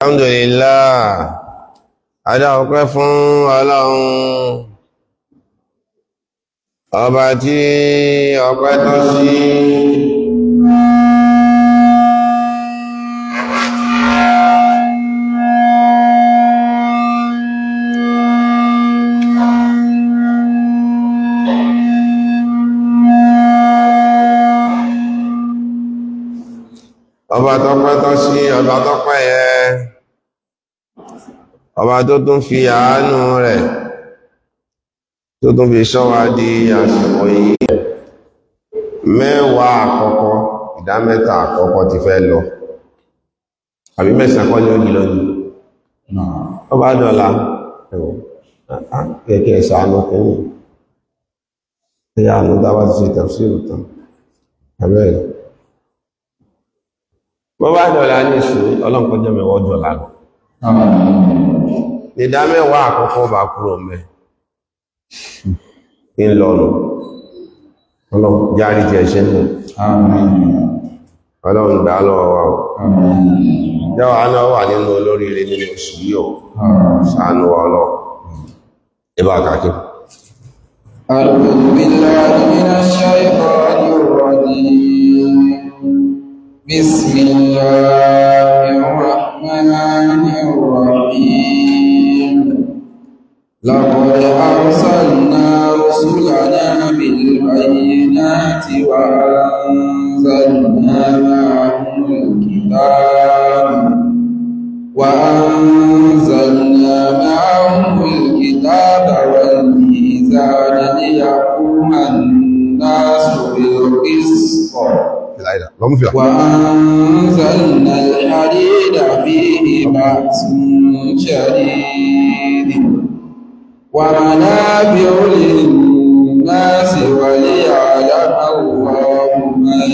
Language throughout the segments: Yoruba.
alhamdulillah adá ọpẹ́ fún ọlọ́run ọba tí ọpẹ́ tọ́ sí tó tún fi àánú rẹ̀ tó tún fi ṣọ́wá di àsìkò yìí mẹ́wàá àkọ́kọ́ ìdá mẹ́ta àkọ́kọ́ ti fẹ́ lọ àbí mẹ́sàn kọ́ ní òjì lọ́dún ọ bá dọ̀la kẹ̀kẹ́ ìṣàánú kẹ́yìn ẹ̀yà àánú dáwà ti ṣe tafsir tán abẹ́rẹ̀ dọ̀la ní ìṣú ọlọ́nkọjọ́ mẹ́wọ́ dọ̀la lọ ìdá mẹ́wàá àkọ́kọ́ bá kúrò mẹ́ ìlọ́nà ọlọ́run járí jẹ ṣe mọ̀ ọlọ́run gbà lọ́wọ́ wa yọ́ aná wà nínú olórí rẹ̀ nínú oṣù yíò sàánú ọlọ́run ìbá kàkí بسم الله الرحمن الرحيم لقد أرسلنا رسلنا بالبينات وأنزلنا معهم الكتاب وأنزلنا معهم الكتاب والميزان ليقوم الناس بالقسط وأنزلنا الحديد ذي بأس شديد ومنافع للناس وليعلم الله من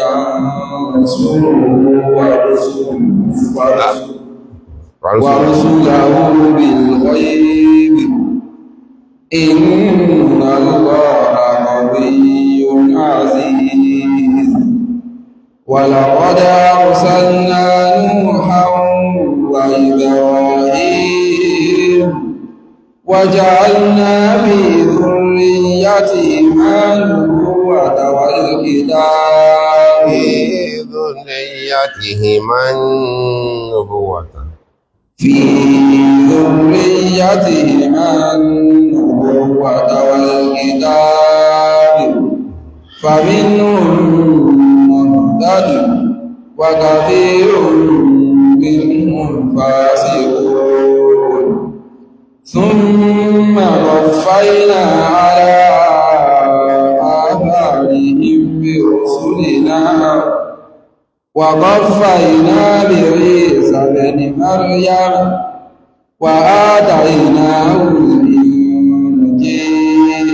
ينصره ورسله بالغيب إن الله قوي عزيز ولقد أرسلنا نوحا وإبراهيم وجعلنا في ذريتهما النبوة والكتاب في ذريتهما النبوة في ذريتهما النبوة والكتاب فمنهم mọ̀tàdì wàkàtí òmìnirun fàásìkò ثم رفعنا على آثارهم برسلنا وقفينا بعيسى بن مريم وآتيناه الإنجيل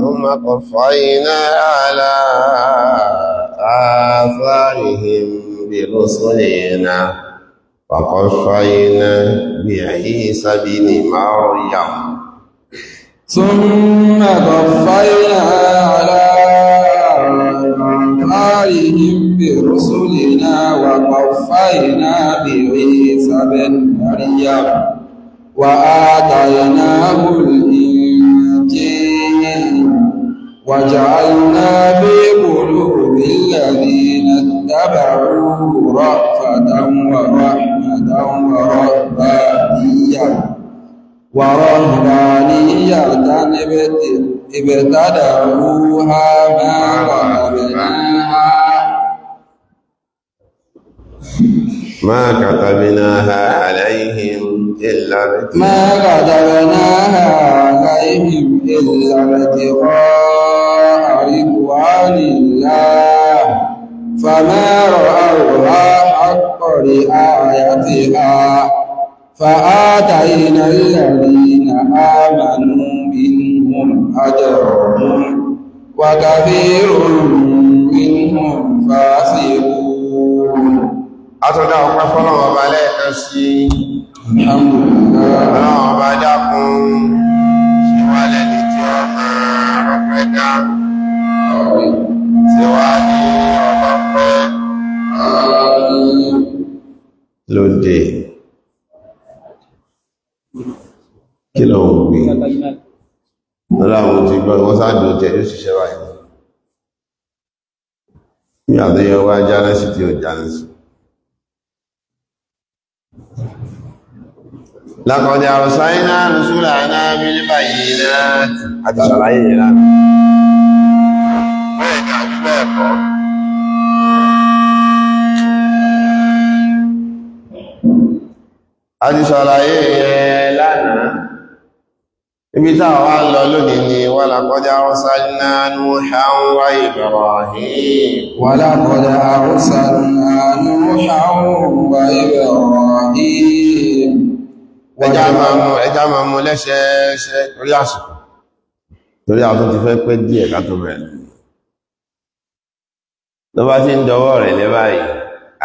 ثم قفينا على آثارهم برسلنا وقفينا بعيسى بن مريم ثم قفينا على آثارهم برسلنا وقفينا بعيسى بن مريم وآتيناه الإنجيل وجعلنا في بالذين اتبعوا رأفة ورحمة ورهبانية ورهبانية ابتدعوها ما رهبناها ما كتبناها عليهم إلا ما كتبناها عليهم إلا ابتغاء عاليا فما رأوها حق رعايتها فآتينا الذين آمنوا منهم أجرهم وكثير منهم فاسقون Àtọ́dá ọpẹ́ fọ́lọ̀wọ̀ ọba lẹ́ẹ̀kan sí ọlọ́wọ̀ ọba dákun ṣíwálẹ̀ ní tí lóde kí lọ ń gbé lọ́láwọ́ ti gbọ́ wọ́n sáàdì ó jẹ́ yóò ṣiṣẹ́ báyìí ní àtẹ́yẹ wá jálẹ́ sí tí ó jálẹ́ sí lákọ̀ọ́dẹ̀ àrùsáyínà rùsúlà náà mílíbà yìí náà àti ṣàlàyé yìí náà lẹ́ẹ̀kan. a ti ṣàlàyé yẹn lánàá ibi táwọn wá lọ lónìí ni wà lákọjá ọ̀sánná núhà ń wá Ibrahim wà lákọjá ọ̀sánná núhà ń wá ẹjá máa mú lẹ́ṣẹ́ṣẹ́ torí àsìkò torí àwọn fẹ́ pẹ́ díẹ̀ ká bẹ̀rẹ̀ ló bá ti ń dọwọ́ rẹ̀ lẹ́bàáyìí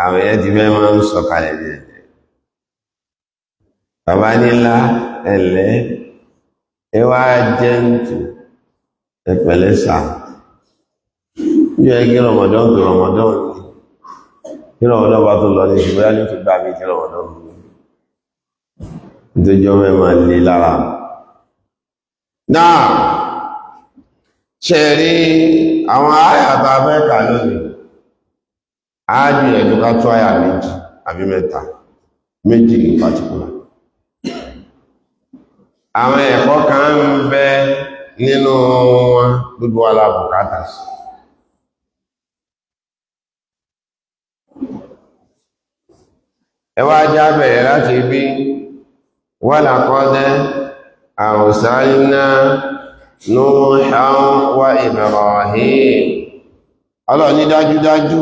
àwọn èèyàn ti fẹ́ máa ń sọ̀kalẹ̀ ní ẹ̀jẹ̀ bàbá nílá ẹ̀lẹ́ ẹ wá jẹ́ǹtù ẹ pẹ̀lẹ́ sà bí ẹ kí rọmọdán kí rọmọdán ni kí rọmọdán bá tó lọ ní ìṣúgbọ́n ní ti gbà mí kí rọmọdán ni nítorí ọmọ ẹ máa lè lára náà ṣe rí àwọn àyàtà fẹ́ kà lónìí A ha ji ẹ̀dụ ya meji abị mẹta meji ịkpachikọrọ awon ẹkọ ka nbe ninu ọwụwa gudu ala bukatas. Ewa aja abe ya lati bi wala kọdẹ arụsanye na n'ụwa ahụ kwa eme n'ọhịa ala onidaju daju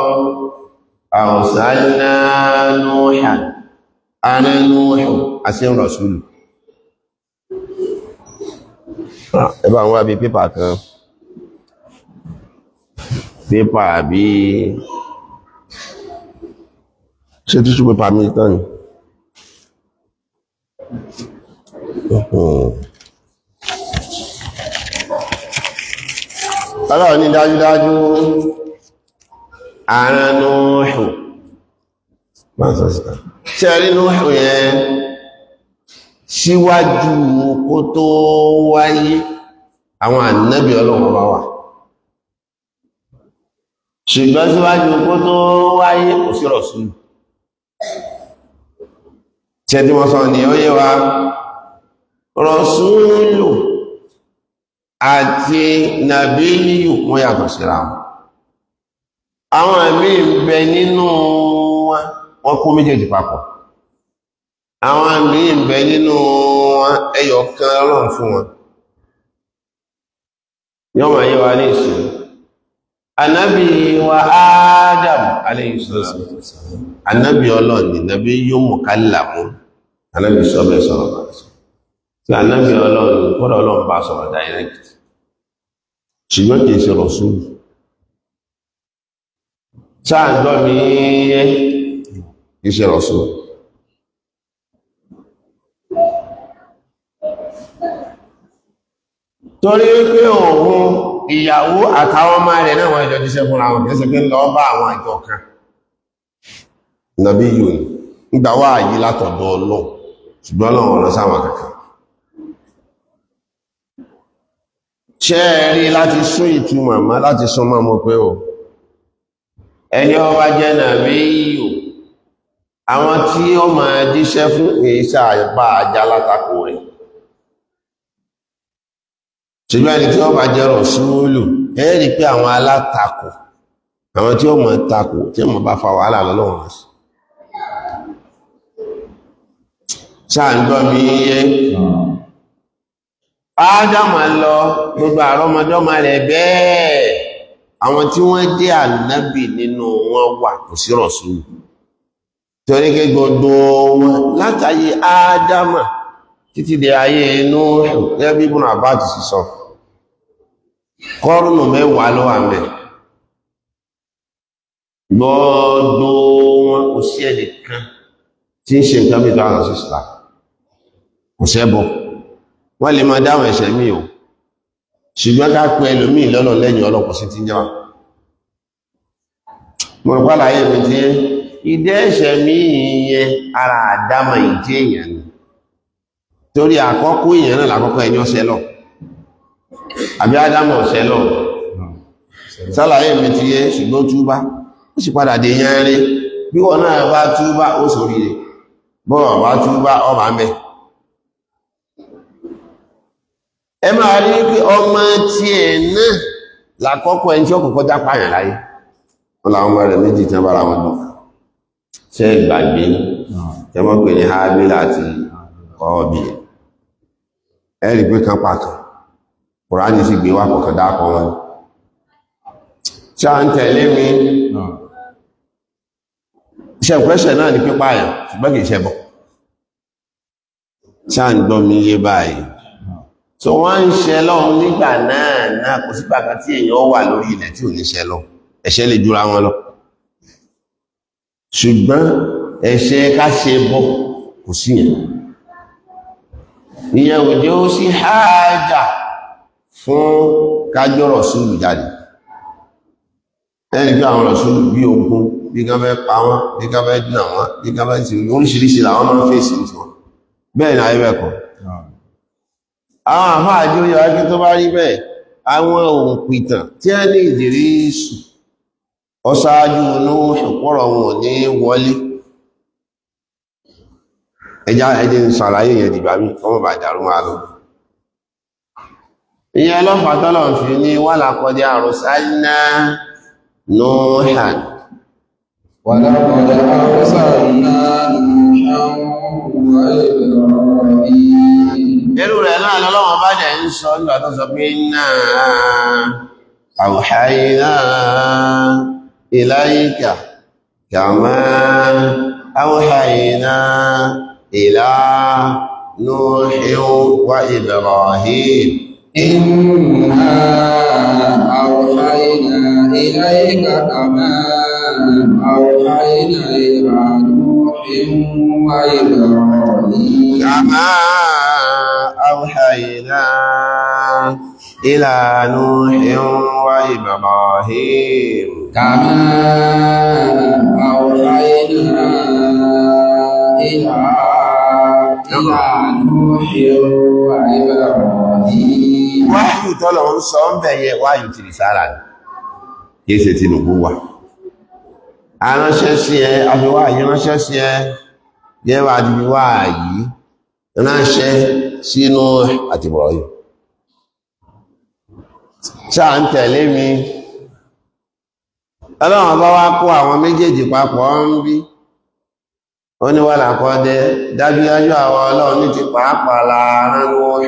àrùsálínà nóòhà aná nóòhà àti rọ̀súlù ẹbá àwọn àbí pépà kan pépà àbí ṣe tíṣù pépà mi tán ni ọlọ́run ní dájúdájú àrán nóòhù ṣe rí nóòhù yẹn síwájú kó tó wáyé àwọn ànábì ọlọ́run bá wà ṣùgbọ́n síwájú kó tó wáyé kò sí rọ̀súlù tí ẹdí wọ́n sọ ní ọyẹ́ wa rọ̀súlù àti nàbíyù wọ́n yàtọ̀ síra wọn àwọn àmì ìgbẹ nínú wọn wọ́n kó méjèèjì papọ̀ àwọn àmì nínú wọn ẹyọ kan fún wọn ní anábì wa Adam alayhi salam anábì ọlọ́run ni nàbí yóò mú sọrọ anábì sọ́bẹ̀ sọ̀rọ̀ bá sọ tí sáà ń gbọ́ iṣẹ́ rọ̀sùn torí wípé òun ìyàwó àtàwọn ọmọ rẹ̀ náà wọ́n ìjọ jíṣẹ́ fún àwọn ìjọ́sẹ̀ pé lọ bá àwọn àjọ kan nàbí yìí nígbà wà yí látọ̀dọ̀ ṣùgbọ́n lọ́wọ́ ọ̀nà sáwọn kankan ṣẹ́ẹ̀rí láti sún ìtumọ̀ láti sún mọ́ pé ẹni ọba jẹ nàbí yíò àwọn tí ó máa jíṣẹ́ fún ìṣà àpá àjá látakò rẹ̀ ṣùgbọ́n ẹni tí ó bá jẹ́ rọ̀ṣúlù ẹ́rì pé àwọn alátakò àwọn tí ó máa takò tí mo bá fa wàhálà lọ́lọ́run sí mi lọ gbogbo bẹ́ẹ̀ àwọn tí wọ́n jẹ́ ànábì nínú wọn wà kò sí rọ̀súlù torí kí gbogbo wọn látàyé ádámà títí di ayé inú gẹ́gẹ́ bí Ibn Abbas ti sọ kọ́rùnù mẹ́wàá ló wà mẹ́ gbogbo wọn kò sí ẹnìkan tí ń ṣe nǹkan bí tó àwọn sísà kò sẹ́bọ̀ wọ́n lè máa dáhùn ẹ̀ṣẹ̀ mi o ṣùgbọ́n ká pín ẹlòmí lọ́nà lẹ́yìn ọlọ́pọ̀ sí ti ń jẹwa mọ̀ rọ̀pá láyé mi tí ìdẹ́ ẹ̀ṣẹ̀ ara àdámọ̀ ìdí èèyàn ni torí àkọ́kọ́ èèyàn náà lákọ́kọ́ ẹni ọ̀sẹ̀ lọ àbí lọ mi tí yẹ ṣùgbọ́n túbá ó sì padà dé yẹn rí bí wọn náà bá túbá ó ẹ máa rí pé ọmọ tí ẹ̀ náà làkọ́kọ́ ẹni tí ó kọ́kọ́ dápàyàn láyé wọ́n ọmọ rẹ̀ méjì tí wọ́n bára wọn ṣe ìgbàgbé jẹmọ́ pé ní hábílà àti ọ̀ọ̀bì ẹ̀rì pé kan pàtó kùránì sì gbé kọ̀kan wọn ṣá ń tẹ̀lé mi náà so wọ́n ń ṣe lọ́hun nígbà náà náà kò sígbà kan tí èèyàn wà lórí ilẹ̀ tí ò ní ṣe lọ ẹ̀ṣẹ̀ lè jura wọn lọ ṣùgbọ́n ẹ̀ṣẹ̀ ká ṣe bọ́ kò sí yẹn ìyẹn ò jẹ́ ó sí háàjà fún kájọ́rọ̀ sílù jáde ẹni pé àwọn rọ̀súlù bí ogun bí kan fẹ́ pa wọ́n bí kan fẹ́ dínà wọ́n bí kan fẹ́ ti oríṣiríṣi làwọn máa ń fèsì wọn bẹ́ẹ̀ ni ayébẹ̀kọ̀ọ́ àwọn àfá àjọ yọ tó bá rí bẹ́ẹ̀ àwọn ohun pìtàn tí a ní ìdìrí ìsù ọsáájú inú ìpọ̀rọ̀ wọn ní wọlé ẹjá ẹdí ń sàlàyé yẹn dìgbà mí ọmọ bà dàrú máa lọ ìyẹn ọlọ́pàá tọ́lọ̀ fi ní wà lákọjá àrùn sáyíná nùhàn Irú rẹ̀ náà lọ́lọ́wọ́ bá jẹ́ ń sọ nígbà tó sọ pé náà àwòháyíná ìláyíkà kàmá àwòháyíná ìlà nóòhìó wa Ibrahim. Inna àwòháyíná ìláyíkà kàmá àwòháyíná ìlà nóòhìó wa Ibrahim. أوحينا إلى نوح وإبراهيم كما أوحينا إلى إلى نوح وإبراهيم وحي tọ́lọ̀ ń sọ ń bẹ̀yẹ wáyù ti rí sára ní kìí ṣe Tinubu wà aránṣẹ́ sí ẹ afẹ́wà ránṣẹ́ sí ẹ gẹ́wà àdìbíwà ránṣẹ́ sí Nuh àti Ibrahim ṣáà ń tẹ̀lé mi ọlọ́run bá wá kó àwọn méjèèjì papọ̀ ń bí ó ní wà lákọ́dẹ́ àwọn ọlọ́run ní ti pàápàá láàárín wọ́n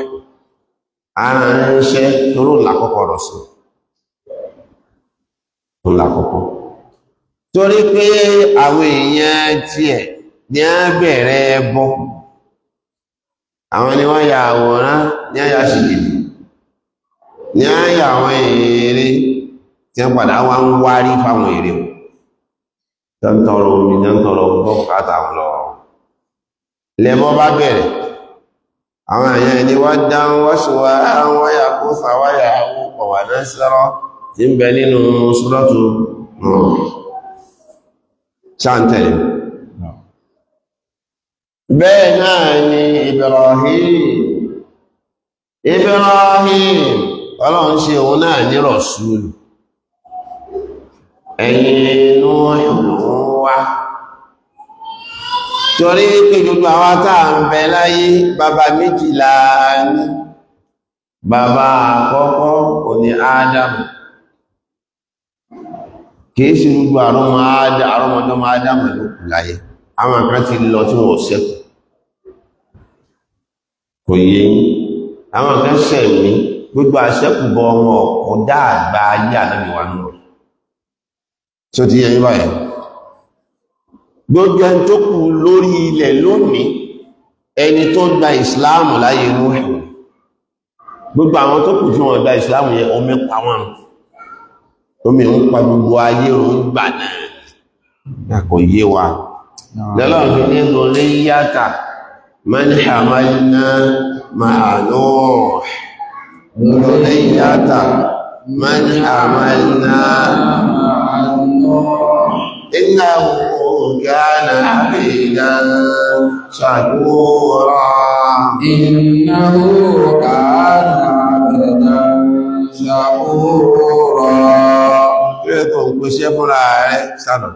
aránṣẹ́ toró làkọ́kọ́ rọ̀ sí torí pé àwọn èèyàn àwọn ni wọ́n ya àwòrán ní àyà ṣìgìdì ní àyà àwọn èrè tí wọ́n padà wá ń wárí fáwọn èrè tọ́ntọrọ omi tọ́ntọrọ bọ́kátà lọ lẹ́mọ́ bá bẹ̀rẹ̀ àwọn àyàn wọ́n dá wọ́n àwọn ya kó sàwáyà àwọn ọ̀wà náà sọ́rọ̀ tí ń bẹ nínú sọ́rọ̀tù náà bee náà ni Ibrahim Ibrahim ọlọ́run ṣe òun náà ní rọ̀súlù ẹ̀yìn inú torí pé gbogbo àwa táà ń bẹ láyé bàbá méjìlá ní bàbá àkọ́kọ́ kò ní Ádámù kìí sí gbogbo Ádámù ló àwọn kan ti lọ tí wọ́n sẹ́kù kò yé yín àwọn kan sẹ̀mí gbogbo àṣẹ́kù bọ wọn ọ̀kọ́ dáàgbà ayé ànábì wa nù tí ó ti yẹ yín báyìí gbogbo ẹni tó kù lórí ilẹ̀ lónìí ẹni tó gba ìsìláàmù láyé inú ẹ̀ gbogbo àwọn tó kù tí wọ́n gba ìsìláàmù yẹn omi pa wọn omi ń pa gbogbo ayé òun gbà náà kò yé wa lọ́lọ́run fi ní gúnlé yàtà mẹ́lì àmàlìná máa lọ́ọ̀ gúnlé yàtà mẹ́lì àmàlìná iná ògánà àbìdá ṣàgbóra iná ògánà àbìdá ṣàgbóra rẹ̀ tó ń pèsè fúnra rẹ̀ sánà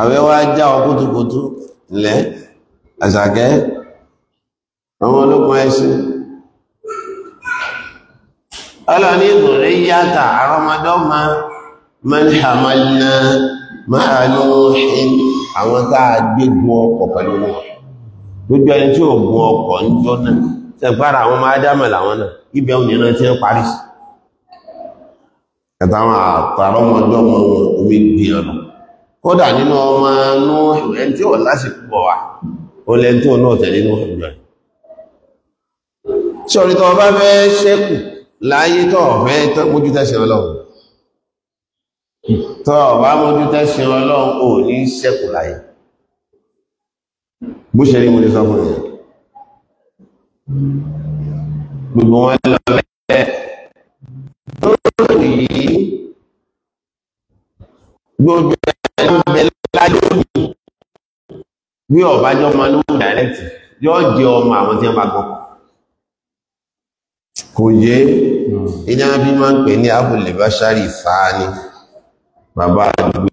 àwẹ́ wá já ọ kútukùtù ilẹ̀ àṣàkẹ́ àwọn ológun ẹṣin ọlọ́ni ìgbòrí yàtà àrọmọdọ́mà mẹ́lẹ̀hàmọ́lá máa ló ṣe àwọn táà gbégun ọkọ̀ pẹ̀lú wọn gbogbo ẹni tí ò gun ọkọ̀ ń jọ náà tẹ̀gbára àwọn máa dámà làwọn náà ibẹ̀ òní náà ti ń parí àtàwọn àtàrọmọdọ́mà wọn omi gbìyànjú kódà nínú ọmọ anú ẹn tí ó lásìkò bọ̀ wá o lẹ́n tó náà tẹ̀lé inú ìjọ ṣọ́rí tó bá fẹ́ ṣẹ́kù láyé tó fẹ́ mójú tẹ́sìn ọlọ́run tó bá mójú tẹ́sìn ọlọ́run ò ní ṣẹ́kù láyé bó ṣe rí mo lè sọ fún ẹ̀ gbogbo wọn lọ bẹ́ẹ̀ tó rí gbogbo bí ọ̀bájọ́ ma lóhùn direct yóò jẹ ọmọ àwọn tí wọ́n bá gbọ́kọ̀ kò yé iná hmm. bí máa ń pè ní abúlé báṣárì fàá ni bàbá àdúgbò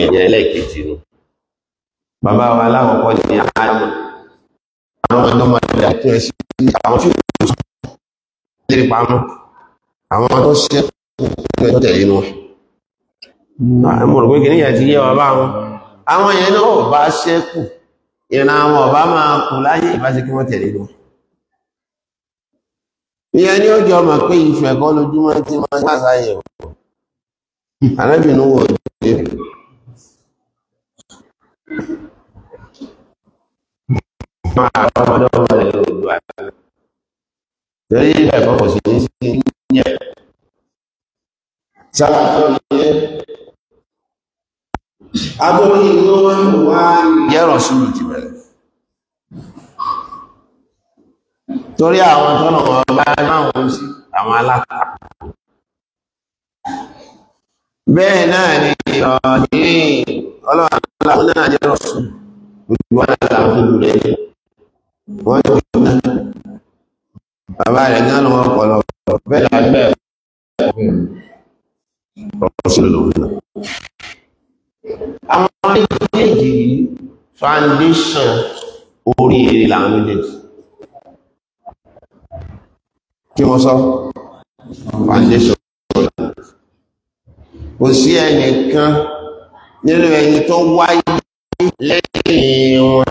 ìyẹn ẹlẹ́ẹ̀kejì nu bàbá wa aláwọ̀kọ́ ní àádọ́ àwọn ọ̀dọ́ máa ń dà kí sí àwọn tí kò sọ lérí pamọ́ àwọn tó ṣe kò tẹ̀lé nu. Hmm. Ah, mo rò pé kìnìyà ti yé wa báwọn àwọn yẹn náà ò bá ṣẹ́kù ìran àwọn ọba máa kù láyé ìbáṣe kí wọ́n tẹ̀lé lọ ìyẹn ni ó jọ mọ̀ pé ìfẹ́ kọ́ lójúmọ́ tí wọ́n gbà sáyẹ̀ wọ̀ arábìnrin wọ̀ ọ̀dọ́ máa rọ́mọdọ́ rẹ̀ abụghị nwa ụwa torí àwọn tọ́nà ọba láwọn sí àwọn aláta bẹ́ẹ̀ náà ni ọ̀dín ọlọ́run náà jẹ́ rọ̀súlù gbogbo aláta tó wọ́n náà bàbá rẹ̀ náà bẹ́ẹ̀ àwọn méjèèjì yìí foundation oríire làwọn méjèèjì kí wọ́n sọ foundation kò sí ẹnìkan nínú ẹni tó wáyé lẹ́yìn wọn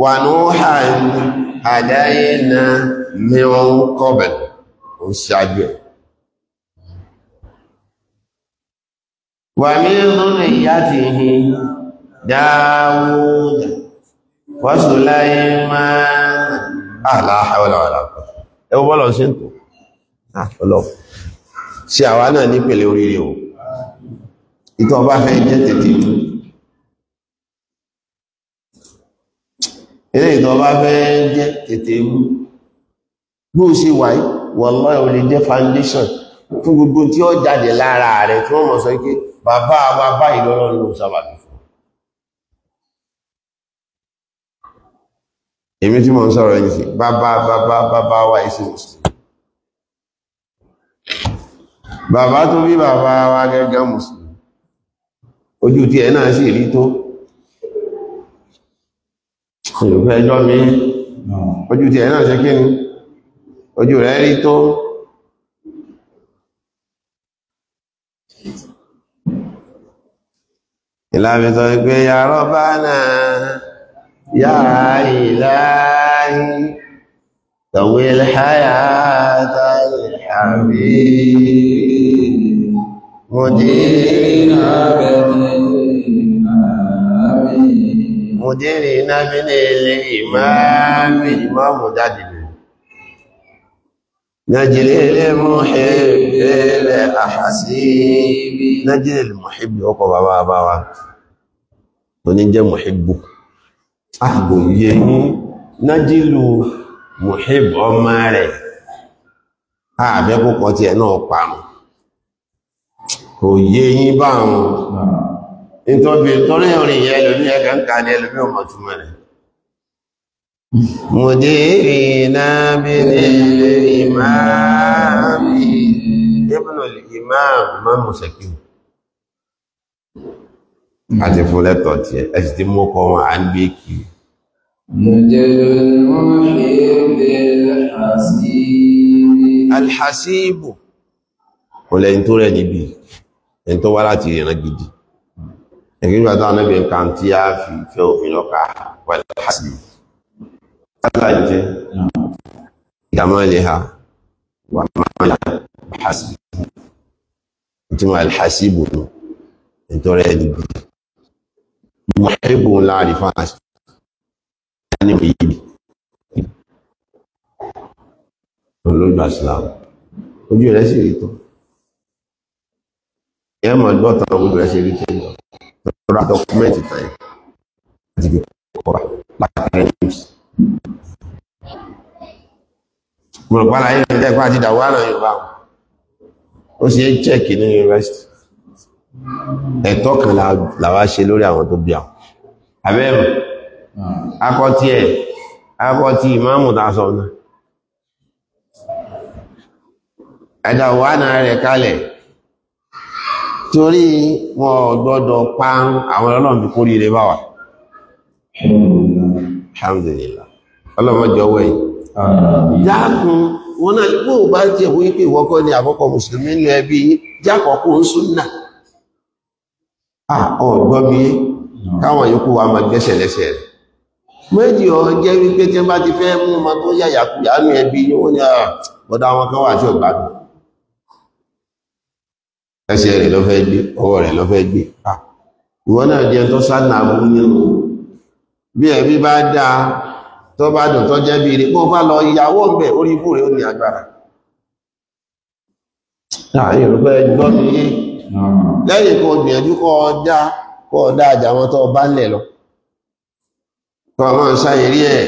wànúhà àdáyé na mìíràn kọ́bẹ̀ ó ṣàgbẹ̀. wà mìíràn ìyá ti hì dáwòdà wàsùláyé máa àláhàwàlàwàlà ẹwọ bọ́lọ̀ sí ǹkù àpọ̀lọ̀ sí àwa náà nípele oríire o ilé ìdọ́bá fẹ́ jẹ́ tètè mú bó ṣe wà wọ́nmọ́ ò lè jẹ́ foundation fún gbogbo tí ó jáde lára rẹ̀ tí wọ́n mọ̀ sọ pé bàbá wa bá ìlọ́rọ̀ ló sábàbí fún èmi tí mọ̀ ń sọ̀rọ̀ yìí sí bàbá bàbá bàbá wa ìsìn mùsùlùmí bàbá tó bí bàbá wa gẹ́gẹ́ mùsùlùmí ojú tí ẹ̀ náà sì rí tó ìrùfẹ́ ẹjọ́ mi ojú ti ẹ̀ náà ṣe kí ni ojú rẹ̀ rí tó ìlàmìtọ̀ ìgbé yàrá bá náà yàrá ìlàáyí tọ̀wé ìlhàyà tàbí mo dé ní mùdírì nábílẹ̀ ilé ìmáàmì ìmáàmù dádìlẹ̀ نجلي للمحب الأحاسيب نجلي للمحب ọkọ̀ bàbá bàbá bu jẹ́ mùhìbù agbòye ní nájílù mùhìbù ọmọ rẹ̀ ààbẹ́kùkọ́ tí ẹ̀ náà pàmù òye yí nítorí torí orin yẹ lórí ẹgbẹ̀ ń ká ní ẹlòmí ọmọ túnmọ̀ rẹ̀ mùdírí náà bí ní ìmáàmì ìbùnul ìmáàmì máa mú sẹ́kì àti fún lẹ́tọ̀ tí ẹ sì ti mú kọ wọn à alhasibu kò lẹ́yìn tó rẹ̀ níbi ẹni tó wá láti ìran gidi nígbà tó anábì ń kan tí a fi fẹ́ òfin ọkà pẹ̀lú àṣì aláìjẹ́ ìgbàmọ́lẹ̀ ha wà mọ́lá àṣì tí wọ́n àṣì bò ní ìtọ́rẹ ẹni bí mọ̀hẹ́bù láàrin fáṣì ní ìyíbi olóògbà sílámù ojú rẹ̀ sì rí tó ẹ̀ mọ̀ gbọ́tàn ojú rẹ̀ sì rí ra dọ́kúmẹ́ǹtì tán láti fi kọ́ra lápẹ̀rẹ̀ news. mo rò pàlàyé mi jẹ́ pé àti ìdàwọ́ àná yorùbá ó sì ń chẹ́ẹ̀kì ní yunifásitì ẹ̀tọ́ kan làwa ṣe lórí àwọn tó bí àwọn abẹ́rù akọ́tí ẹ̀ hmm. akọ́tí ìmáàmù ta sọ náà ẹ̀dàwọ́ àná rẹ̀ kalẹ̀ torí wọn gbọ́dọ̀ parun àwọn ọlọ́run bí kórí rẹ̀ bá wà alhamdulillah ọlọ́mọjọ́ wẹ̀yìn jákun wọn náà lè bá jẹ́ wọ́n pé ìwọ́kọ́ ni àkọ́kọ́ mùsùlùmí ní ẹbí jákọ̀ọ́kọ́ ń súnà ọ̀gbọ́mí káwọn yòókù wa máa gbẹ́sẹ̀ lẹ́sẹ̀ rẹ̀ méjì ọ jẹ́ wípé tí wọ́n bá ti fẹ́ mú ọmọ tó yàyàkúyà ní ẹbí wọ́n ní ọ̀dọ̀ àwọn kan wà tí ọ̀gbádùn ẹsẹ̀ rẹ̀ lọ́fẹ́ gbé ọwọ́ rẹ̀ lọ́fẹ́ gbé ìwọ náà jẹ́ tó sánà abúrú nínú bí ẹbí bá dáa tó bá dùn tó jẹ́ bí rí bó bá lọ ìyàwó bẹ̀ orí ibú rẹ̀ ó ní agbára láàrin ìrùpẹ́ gbọ́ mi yé lẹ́yìn kan gbìyànjú kọ́ ọjà kọ́ ọ̀dá àjà wọn tó bá lẹ̀ lọ tó ọmọ ń sáyẹrí ẹ̀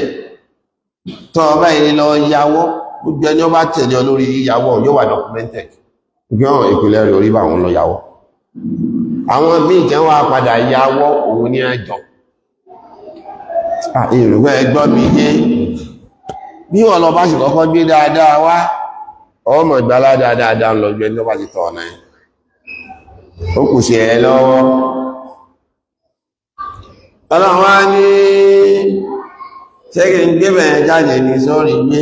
tó ọba ìrìn lọ yàwó gbogbo ẹni ó bá lórí yíyàwó yóò wà documented gbọ́n ìpínlẹ̀ rẹ̀ orí bá wọn lọ yàwó àwọn míì jẹ́ wá padà yàwó òun ní ẹjọ́ ah, ìrùgbẹ́ ẹgbọ́ mi yé bí wọ́n lọ bá sì kọ́kọ́ gbé dáadáa wá ọmọ ìgbàlá dáadáa ń lọ gbé ní ọba ti ọ̀nà ó kù sí ẹ lọ́wọ́ ọlọ́run ní ṣẹ́gẹ̀ jáde ní sọ́ọ̀rì gbé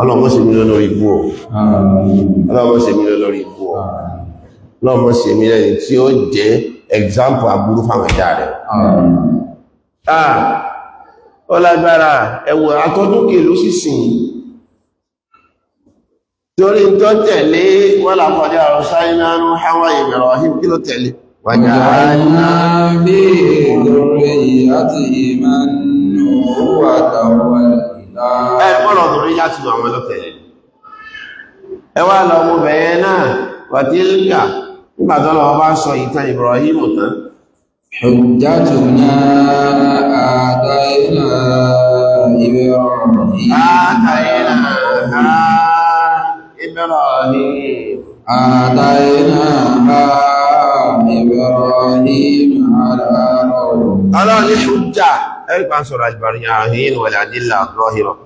ọlọ́mọ sí mi lórí ibú ọ̀ ọlọ́mọ sí mi lórí ibú ọ̀ ọlọ́mọ sí mi lẹ́ni tí ó jẹ́ example aburú fáwọn ẹ̀dá rẹ̀ ah ó lágbára ló sì sìn torí tó tẹ̀lé wọ́n làkọ̀dé àrùn sáyẹ́nà ẹ bọ́lọ̀ ọkùnrin yá ti lọ àwọn ọlọ́tẹ̀lẹ̀ ẹ wá lọ ọmọ bẹ̀yẹn náà wàtílíkà nígbà tó إبراهيم آتينا إبراهيم آتينا إبراهيم على أرض ẹ̀ríkà sọ̀rọ̀ àjìbàrí àhìn wọ̀lẹ̀ àdílà rọ́hìrọ̀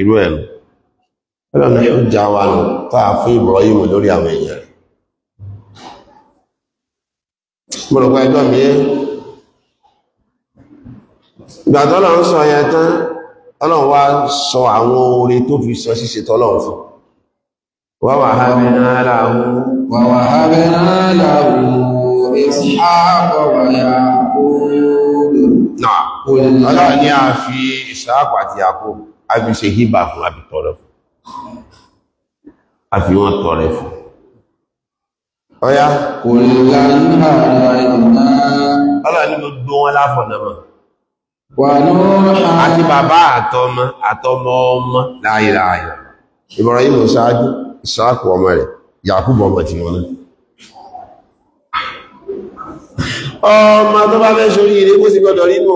irú ẹ̀rù ọlọ́nà yóò já wa nù táà fún Ibrahim lórí àwọn èèyàn rẹ̀ mọ̀lọ̀pọ̀ ẹjọ́ mi yẹ́ ìgbà tọ́lọ́run sọ yẹn tán Ọlọ́run wá sọ àwọn náà ọlọ́run ní a fi ìsáàpù àti yàkó a fi ṣe hibà fún a fi tọrẹ fún a fi wọ́n tọrẹ fún ọya kò lè ga nígbà ọlọ́run ní gbogbo wọn láfọ̀nàmọ̀ àti bàbá àtọmọ àtọmọ ọmọ láyé láyé Ibrahim ṣáájú ìsáàpù ọmọ rẹ̀ Yakubu ọmọ tí wọn náà ọmọ tó bá fẹ́ ṣorí ire bó sì gbọ́dọ̀ rínú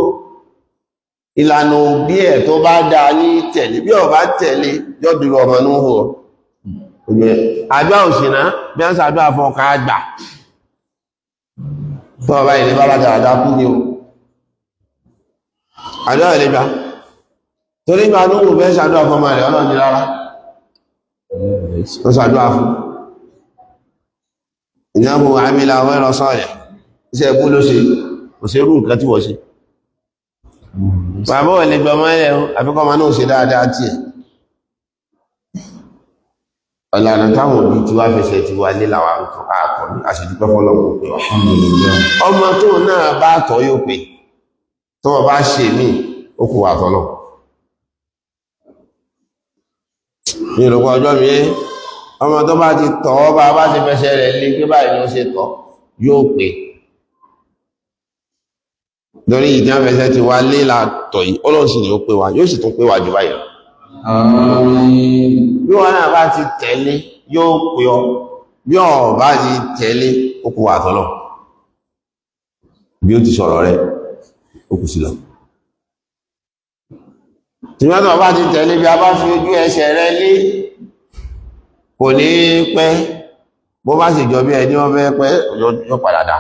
ìlànà òbí ẹ̀ tó bá dáa ní tẹ̀lé bí ó bá tẹ̀lé yọ́dúrú ọmọ ní hù àjọ òṣìná bí wọ́n sàdúrà fún ọkà àgbà tó ọba ìlé bá bàtà àdá kú ní o àjọ ìlébà torí ìgbà ní òun fẹ́ sàdúrà fún ọmọ rẹ̀ ọlọ́ni rárá ó sàdúrà fún ìnáwó àmìlà ọwọ́ ẹ̀rọ sọ́ọ̀rẹ̀ iṣẹ́ ẹkún ló ṣe kò ṣe rú nǹkan tí wọ́n ṣe hmm. bàbá ò lè gbọmọ ẹlẹ o àfikọ́ ọmọ náà ṣe dáadáa tiẹ̀ ọ̀lànà táwọn òbí tí wá fẹsẹ̀ ti wà ní làwọn nǹkan àpọ̀ ní àṣìdúpẹ́ fọlọ́pọ̀ pé ọmọ tó náà bá tọ́ yóò pé tó wọ́n bá ṣe mí ó kò wà tọ́lọ̀ ní ìlú ọjọ́ mi ọmọ tó bá ti tọ́ bá bá ti fẹsẹ̀ rẹ̀ lé pé báyìí ló ṣe tọ́ yóò pé lórí ìdíwọ́n fẹsẹ̀ ti wá lé látọ̀ yìí ọlọ́run sì ni ó pé wa yóò sì tún pé wa jù báyìí lọ. bí wọn náà bá ti tẹ̀lé yóò pé ọ bí ọ bá ti tẹ̀lé ó kú wà tọ́lọ̀ bí ó ti sọ̀rọ̀ rẹ ó kù sí lọ. tìmọ́tò bá ti tẹ̀lé bí a bá fi ojú ẹsẹ̀ rẹ lé kò ní pẹ́ bó bá sì jọ bí ẹni wọ́n fẹ́ pẹ́ yóò padà dà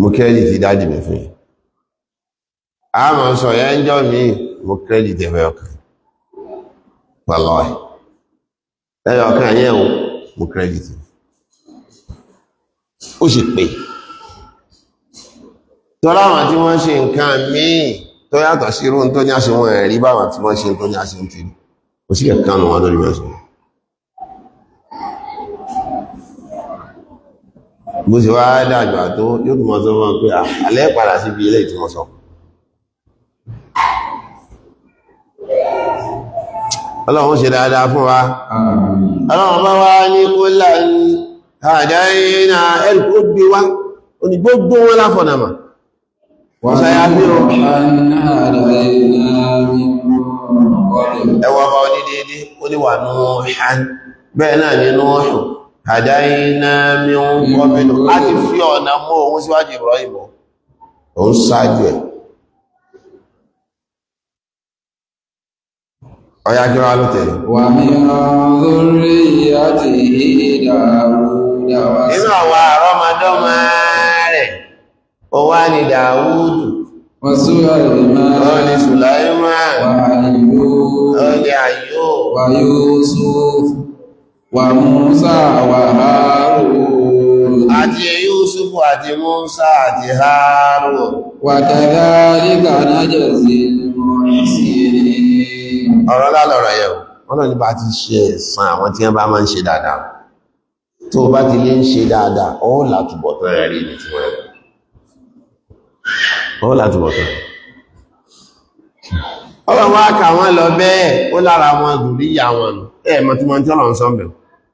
mo kírẹ́dìtì dáàdì mi fún yín a mọ̀ sọ yẹn ń jọ mi mo kírẹ́dìtì ẹ̀fẹ́ ọkàn pẹ̀lọ́ ẹ̀ ẹ̀yọ ọkàn yẹn o mo kírẹ́dìtì ó sì pé tọ́lá àwọn tí wọ́n ṣe nǹkan míì tó yàtọ̀ sí irú tó ní àṣẹ ẹ̀rí báwọn tí wọ́n ṣe tó ní àṣẹ ń kò sí ẹ̀kan nù wọn lórí wọn sọ bó ṣe wá dàgbà tó yóò tún mọ́ pé ah, alẹ́ padà síbi ilé ìtumọ̀ ọlọ́run ṣe dáadáa fún wa ọlọ́run bá wá ní kó láàrin àdáyéná na ẹwà ọba ó ní wà bẹ́ẹ̀ náà ní àdáyíná mi ń gọ́bìnú a ti fi ọ̀nà mọ́ òun síwájú Ibrahim òun sáájú ẹ̀ ọ̀yá jọ wá ló tẹ̀lé wà ní ọ̀rọ̀lẹ́ àti ìdáwúdáwà wá Dáwúdù wà Musa wà Harun àti Yusufu àti Musa àti Harun wà kadhalika najzil muhsinin ọ̀rọ̀ lálọ́rọ̀ yẹ̀ wọ́n náà ní bá ti ṣe ẹ̀san àwọn tí wọ́n bá máa ń ṣe dáadáa tó bá ti lè ń ṣe dáadáa ó látúbọ̀ tán rẹ̀ rí ní tí wọ́n rẹ̀ ó látúbọ̀ tán ọlọ́wọ́ àkà lọ bẹ́ẹ̀ ó lára wọn dùn rí ìyá wọn ẹ̀ẹ̀mọ̀ tí wọ́n tí ọlọ́run sọ́mbẹ̀rún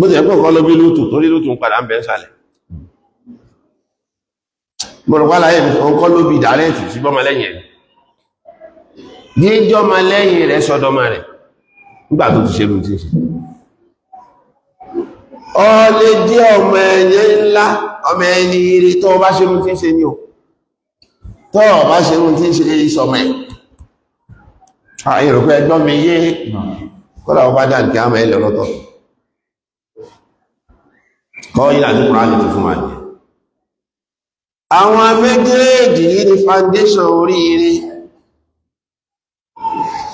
bó ti ẹ̀kọ́ kan ló bí lútù tó rí lútù ń padà ń bẹ́ sàlẹ̀ mọ̀rọ̀pá láyé ọkọ́ ló bí ìdárẹ́ẹ̀tì sí bọ́mọ lẹ́yìn ẹ̀ díjọ́mọ lẹ́yìn rẹ̀ sọ́dọ́mọ rẹ̀ nígbà tó ti ṣe ló ti ṣe ọ lè jẹ́ ọmọ ẹ̀yẹ ńlá ọmọ ẹni ire tó bá ṣe ló ti ṣe ní o tó bá ṣe ló ti ṣe ìṣọmọ ẹ̀ àìròpẹ́ ẹjọ́ mi yé kọ́lá ọba dáǹkì àmọ́ ẹ̀ lọ́tọ̀ọ́ kọ́ ìlà tí kùránì ti fún wa ní àwọn méjèèjì yìí ni foundation oríire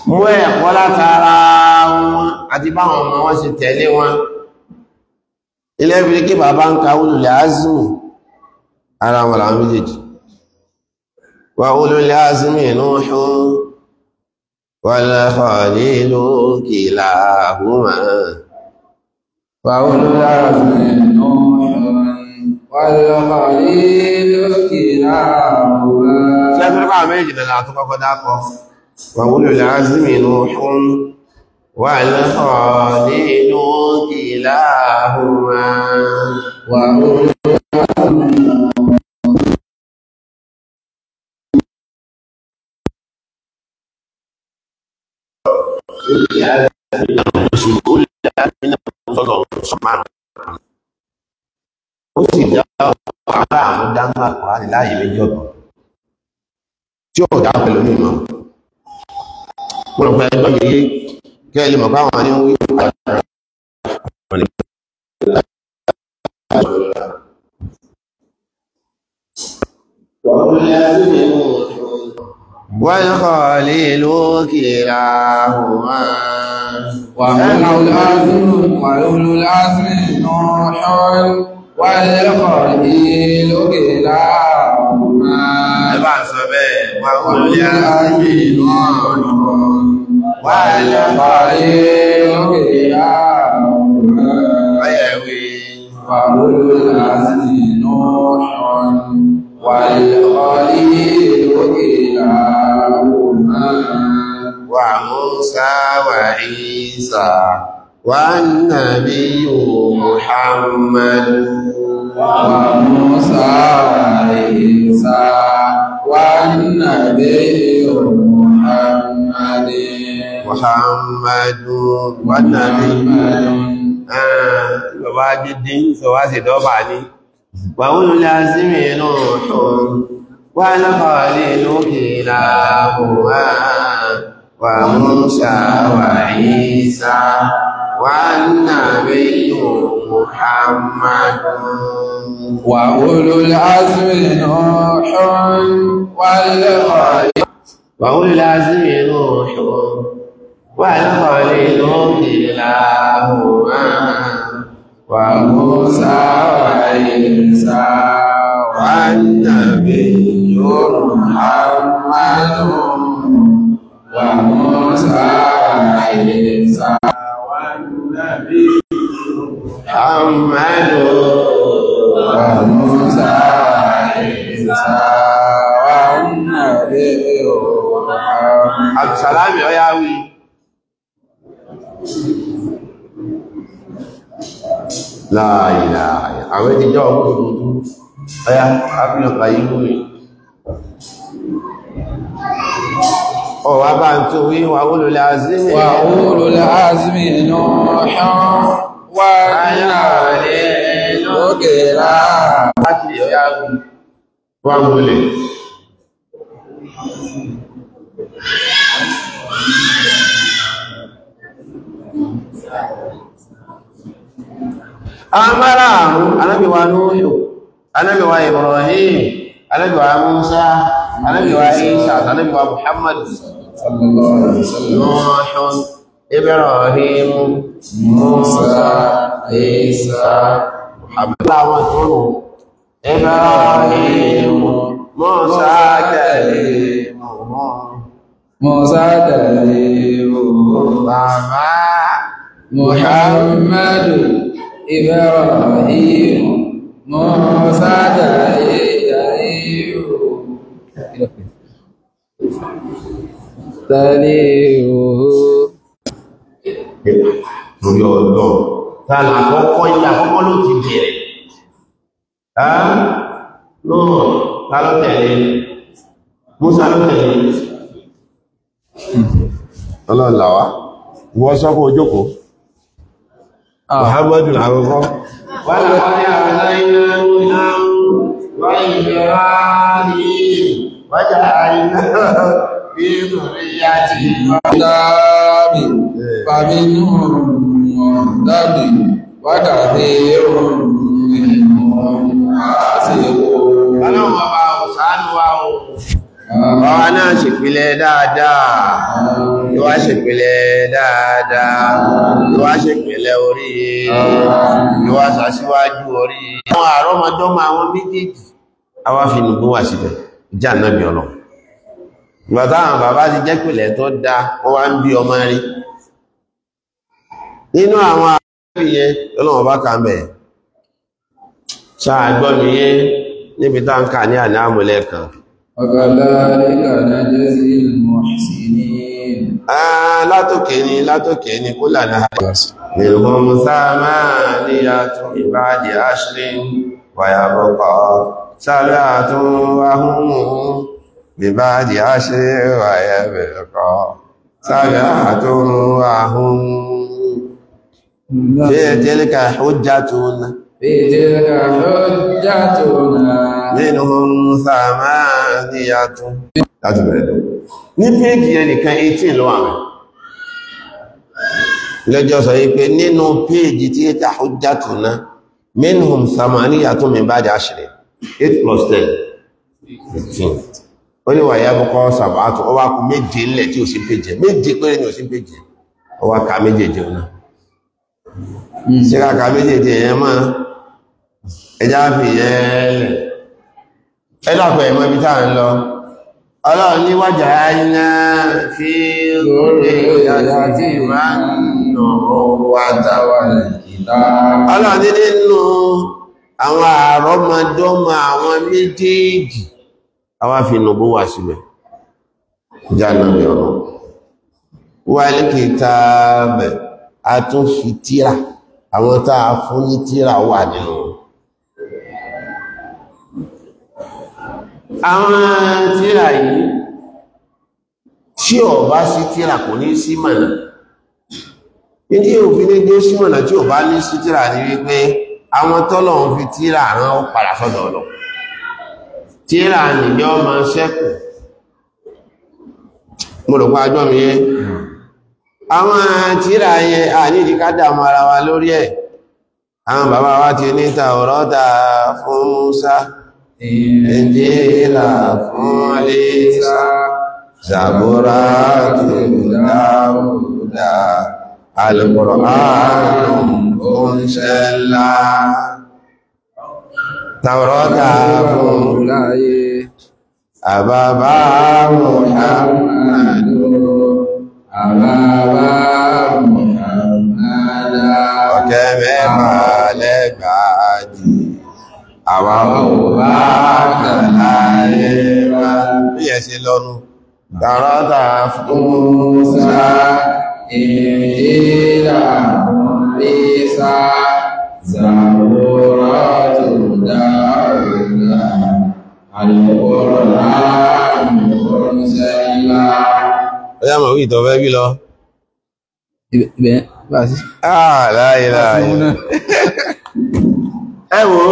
mú ẹ̀kọ́ látara wọn àti báwọn ọmọ wọn ṣe tẹ̀lé wọn ilé ìbìrí kí bàbá ń ka olùlẹ̀ azumi ara wọn làwọn méjèèjì wà olùlẹ̀ azumi Nuhun wal Khalilu kilahuma وأولو العزم نوح والخليل كلاهما. ثلاث رقعة ما يجد العتق وأولو العزم نوح والخليل كلاهما العزم sọ́dọ̀ Usman ó sì dá wàhálà àwọn dáńtà àkùránì láàyè méjì ọ̀tọ̀ tí ó dá pẹ̀lú ní ìmọ̀ wọn gba ẹgbẹ́ mi yé kí ẹ lè mọ̀ báwọn ní wí padà وَأُولَٰئِكَ هُمُ والخليل كلاهما وأولو العزم وأولو العزم نوح والخليل كلاهما وأولو العزم نوح والخليل كلاهما وأولو العزم نوح والخليل كلاهما وموسى وعيسى والنبي محمد وموسى وعيسى والنبي محمد محمد والنبي آه. وأولو العزم نوح والخالد كلاهما وموسى وعيسى والنبي محمد وأولو العزم نوح والخالد وأولو العزم نوح والخالد كلاهما وموسى وعيسى والنبي محمد وموسى وعيسى والنبي محمد وموسى وعيسى والنبي محمد السلام يا وي láàyà àwọn ti jẹ́ ọgbọ́n òdòdó ọya ápìlọ̀ kàyí lórí ọwà bá ń tó wí wà ó lòlẹ̀ azimi wà ó lòlẹ̀ azimi ẹ̀nà ọ̀ṣán wà náà rẹ̀ lókè láàrín amara àrùn anábíwa nóòyò anábíwa Ibrahim anábíwa Musa anábíwa Isa anábíwa Muhammad sallallahu alaihi wasallam Ibrahim Musa Isa Muhammad àwọn ìtọ́nù Ibrahim Ibrahim Musa Jairu Taliu. Torí ọ̀dọ́, ta là kọ́kọ́ ìyá kọ́kọ́ ló ti bẹ̀rẹ̀. Á lọ́rọ̀ ta ló tẹ̀lé, Musa ló tẹ̀lé. Ọlọ́làwá, wọ́n sọ́kọ̀ ojókòó. Ah. Muhammadu àkọ́kọ́. Wọ́n lọ́dẹ́ àwọn ilẹ̀ ìrìnà wọ́n ìgbẹ̀rá ní wájà Ọlọ́run ọba ọ̀sánú ohun. Ọ̀wá náà ṣèpìlẹ̀ dáadáa wá ṣèpìlẹ̀ dáadáa ló wá ṣèpìlẹ̀ oríire ló wá ṣàṣíwájú oríire àwọn àrọ́mọdọ́mọ àwọn méjèèjì awá fi nùgbó wà síbẹ̀ jẹ́ ànábì ọlọ ìgbà táwọn bàbá ti jẹ́ pìlẹ̀ tó dáa wọ́n wá ń bí ọmọ rí nínú àwọn àrẹ́bì yẹn lọ́lọ́wọ́ bá kà mẹ́ ṣàgbọ́mí yẹn níbi táǹkà ní àná àmúlẹ̀ kan ọ̀gá láàrín kà náà jẹ́ sí ìmọ̀ Ah, látòkè ni látòkè ni kó lànà ìrùgbọ́n musáàmà ní àtún ìbáàdì ashley wàyàbọ̀kọ̀ sábẹ́ àtún ahúnmù ìbáàdì ashley wàyàbọ̀kọ̀ sábẹ́ àtún ahúnmù تلك حجتنا في تلك حجتنا منهم ثمانية ní péjì ẹnìkan 18 ló wà mẹ́ sọ wípé nínú péjì tí ètà ọjà kan náà minhum samaniya tó mi bá jà ṣẹlẹ̀ 8 plus 10 15 ó ní wà yábùkọ́ sàbátù ó wá kú méje ńlẹ̀ tí ó sí péjì méje ni ó wá ọ̀nà ka máa ẹjá fi yẹ́ ẹ̀mọ́ ibi táà ń lọ ọlọ́run ní wájà áyá fi lórí ọlọ́run ní nínú àwọn àrọ́mọdọ́mọ àwọn méjèèjì àwọn wà sílẹ̀ jánà yọ̀rọ̀ wà ní kìtàbẹ̀ tíra àwọn tàà fún ní tìrà wà nínú àwọn tíra yìí tí ó bá sí tíra kò ní sí mọ̀nà ìdí òfin ní dé sí mọ̀nà tí ó bá ní sí tíra ní wípé àwọn tọ́lọ̀ ń fi tíra rán ó padà sọ́dọ̀ ọ̀lọ́ tíra nìyọ́ máa ṣẹ́kù mo rò pa ajọ́ mi yé àwọn tíra yẹn àníjì ká dàmú ara wa lórí ẹ̀ àwọn bàbá wa ti ní Tàórátà fún Músá Injila fún Isa, Zabura tún Dáúdà, Al-Qur'an fún Ṣẹ́lá. Tàwọ́rọ́ta fún láyé, Àbábá Muhammadu, Àbábá Muhammadu, ọ̀kẹ́ mẹ́fà. ẹ ṣe lọ́nu tààràtà fúnṣà ìrìnlẹ́là fúnlẹ́sà zàwòrán tó dáàrùnà àlùkọ́rọ̀ láàrín fúnṣẹ́ ńlá ọjá mọ̀ wí ìtọ̀fẹ́ bí lọ ibẹ̀ bá sí láàrín láàrín ẹ wò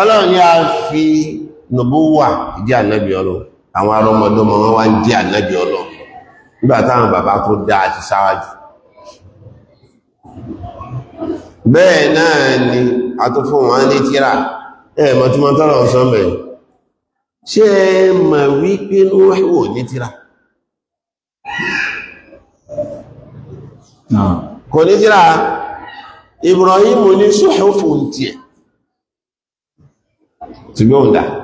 ọlọ́run ni a fi nùbúwà ìdí ànábì ọlọ́run àwọn arọmọdọ́mọ wọn wá ń jẹ́ bàbá tó dá àti bẹ́ẹ̀ náà ni a tó fún wọn ní tíra tọ́rọ ṣe mọ̀ wípé ní tíra kò ní tíra ní dáa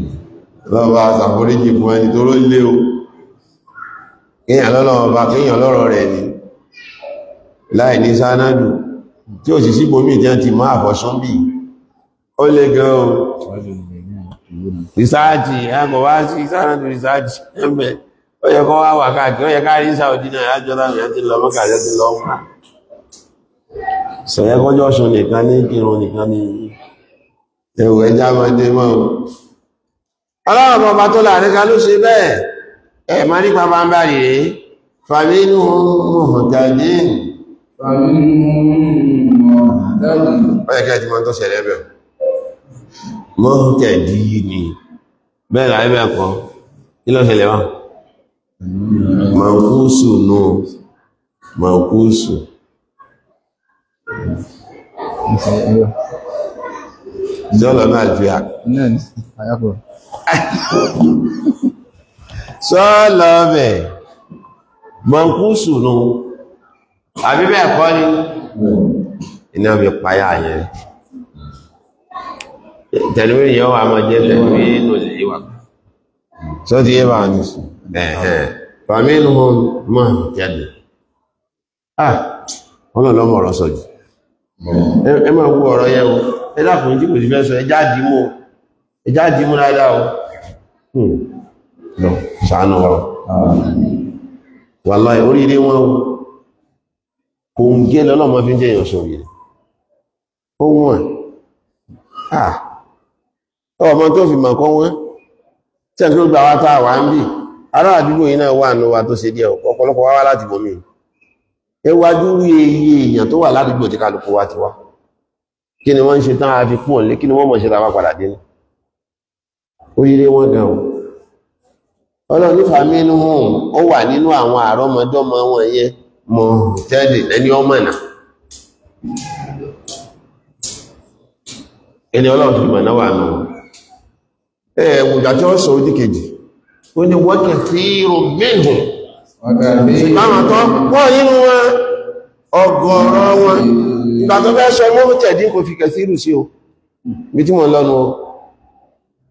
lọ́wọ́ àsàforíjì fún ẹni tó ló lé o kíyàn lọ́lọ́wọ́ bá kíyàn lọ́rọ̀ rẹ̀ ni láì ní sánádù tí ó sì sí bomi jẹ́ ti máa fọ́sún bí ó lè gan o rìsáàjì ẹgbọ̀ wá sí sánádù rìsáàjì ẹgbẹ̀ ó yẹ kọ́ wá wà káàkiri ó yẹ káàrí sáàdì náà yájọ́ láàrin àti lọ mọ́kà àti lọ mọ́ sọ̀yẹ́kọ́jọ́sùn nìkan ní kírun nìkan ní ẹwẹ̀ jámọ́dé mọ́ ọlọ́run ọba tó láàrin ká ló ṣe bẹ́ẹ̀ ẹ ma ní pàpà ń bá rèé fàmínú mọ̀dájí mọ̀dájí ni bẹ́ẹ̀ láì bẹ́ẹ̀ kọ́ kí ló ṣẹlẹ̀ wá mọ̀kúsù nù mọ̀kúsù Ìjọ́lọ̀ náà fi àkọ́. sọ́ọ̀lọ́ ọbẹ̀ mọ̀kúsù nù àbíbẹ̀ ẹ̀kọ́ ni iná bí payá yẹn tẹ̀lúwé yẹn wà mọ́ jẹ́ tẹ̀lúwé inú lè yíwà tó ti yé bá ní ọ̀rọ̀ ọ̀rọ̀ kò sí fẹ́ sọ ẹjá dìímú dáadáa o lọ hmm. ṣàánú wa wàláì oríire wọn o kò ń gé lọ́lọ́mọ fi ń jẹ́ èèyàn sórí rẹ̀ ó wọ́n ah ọmọ tó fi màkọ́ wọ́n tí ẹ̀kí ó gbà wá táà wá ń bì ará àdúgbò yìí náà wà ní wa tó ṣe díẹ̀ ọ̀pọ̀lọpọ̀ wá wá láti bọ̀ mí ẹwájú rí iye èèyàn tó wà ládùúgbò tí kálukú wá ti wá kí ni wọ́n ń ṣe tán àfi kúọ̀lé kí ni wọ́n mọ̀ ṣe tàwa padà dé ní oyire wọn gan o ọlọ́run fàmínú hàn ó wà nínú àwọn àrọ́mọdọ́mọ wọn yẹn mọ̀ tẹ́lẹ̀ lẹ́ni ọmọ ẹni ọlọ́run fi mọ̀ná wà náà ẹ̀ẹ̀gbùgbà tí ó sọ ó ní pọ̀ nínú wọn ọgọ́rọ̀ wọn fẹ́ sọ mọ́